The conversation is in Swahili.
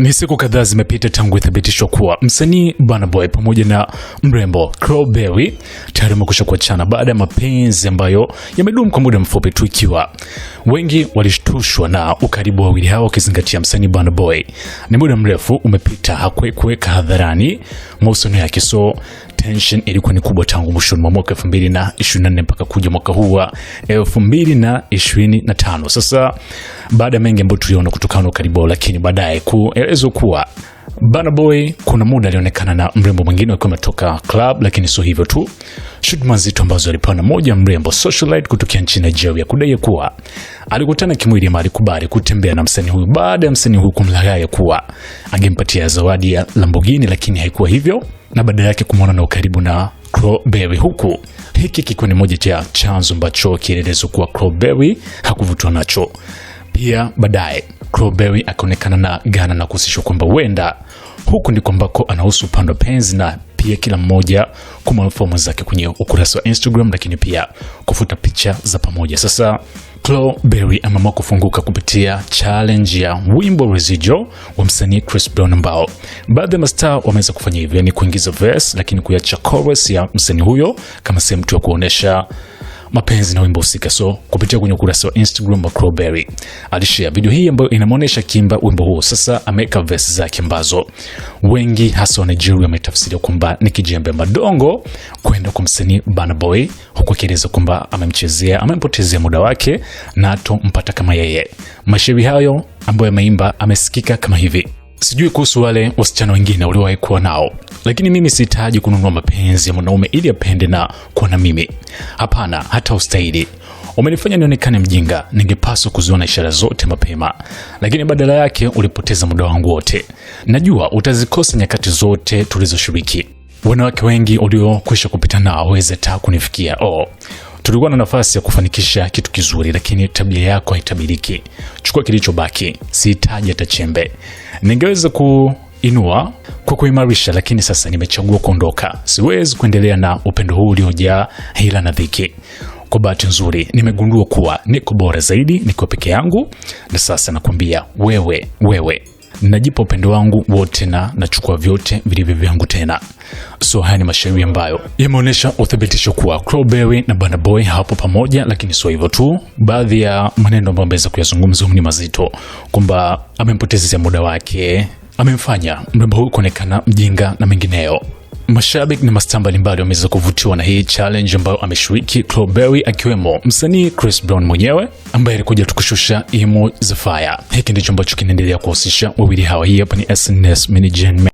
Ni siku kadhaa zimepita tangu ithibitishwa kuwa msanii Burna Boy pamoja na mrembo Chloe Bailey tayari wamekwisha kuachana baada ya mapenzi ambayo yamedumu kwa muda mfupi tu, ikiwa wengi walishtushwa na ukaribu wa wawili hao, wakizingatia msanii Burna Boy ni muda mrefu umepita hakuweka hadharani mahusiano yake so tension ilikuwa ni kubwa tangu mwishoni mwa mwaka 2024 mpaka kuja mwaka huu wa 2025. Sasa baada ya mengi ambayo tuliona kutokana na ukaribu, lakini baadaye kuelezwa kuwa Burna Boy kuna muda alionekana na mrembo mwingine wakiwa ametoka club, lakini sio hivyo tu, shutuma nzito ambazo alipewa na moja mrembo socialite kutokea nchini Nigeria kudai kuwa alikutana kimwili ama alikubali kutembea na msanii huyu baada ya msanii huyu kumlaghai kuwa angempatia zawadi ya Lamborghini, lakini haikuwa hivyo na badala yake kumwona na ukaribu na Crowberry huku hiki kikiwa ni moja cha chanzo ambacho kielelezwa kuwa Crowberry hakuvutwa nacho. Pia baadaye Crowberry akaonekana na Ghana na kuhusishwa kwamba huenda huku ndiko ambako anahusu upande wa penzi na pia kila mmoja kumwafamu zake kwenye ukurasa wa Instagram, lakini pia kufuta picha za pamoja. Sasa Crowberry ameamua kufunguka kupitia challenge ya wimbo Residual wa msanii Chris Brown, ambao baadhi ya mastaa wameweza kufanya hivyo, ni kuingiza verse lakini kuacha chorus ya msanii huyo kama sehemu tu ya kuonesha mapenzi na wimbo husika. So kupitia kwenye ukurasa wa Instagram wa Crowberry alishare video hii ambayo inamonesha Kimba wimbo huo. Sasa ameweka verse zake ambazo wengi hasa wa Nigeria wametafsiria kwamba ni kijembe madongo kwenda kwa msanii Burna Boy, huku akieleza kwamba amemchezea, amempotezea muda wake na atompata kama yeye. Mashairi hayo ambayo ameimba amesikika kama hivi Sijui kuhusu wale wasichana wengine waliowahi kuwa nao, lakini mimi sihitaji kununua mapenzi ya mwanaume ili apende na kuwa na mimi. Hapana, hata ustahili. Umenifanya nionekane mjinga. Ningepaswa kuziona ishara zote mapema, lakini badala yake ulipoteza muda wangu wote. Najua utazikosa nyakati zote tulizoshiriki. Wanawake wengi uliokwisha kupita nao waweza hata kunifikia oh Tulikuwa na nafasi ya kufanikisha kitu kizuri, lakini tabia yako haitabiriki. Chukua kilichobaki, sihitaji hata chembe. Ningeweza kuinua kwa kuimarisha, lakini sasa nimechagua kuondoka. Siwezi kuendelea na upendo huu uliojaa hila na dhiki. Kwa bahati nzuri nimegundua kuwa niko bora zaidi nikiwa peke yangu, na sasa nakwambia wewe, wewe najipa upendo wangu wote na nachukua vyote vilivyo vyangu tena. So haya ni mashairi ambayo yameonyesha uthibitisho kuwa Crowberry na banaboy Boy hapo pamoja, lakini sio hivyo tu. Baadhi ya maneno ambayo ameweza kuyazungumza ni mazito, kwamba amempotezea muda wake, amemfanya mrembo huyu kuonekana mjinga na mengineyo. Mashabiki na mastaa mbalimbali wameweza kuvutiwa na hii challenge ambayo ameshiriki Clouberry akiwemo msanii Chris Brown mwenyewe ambaye alikuja tukushusha emo za fire. Hiki ndicho ambacho kinaendelea kuhusisha wawili hawa. Hii hapa ni SNS Management.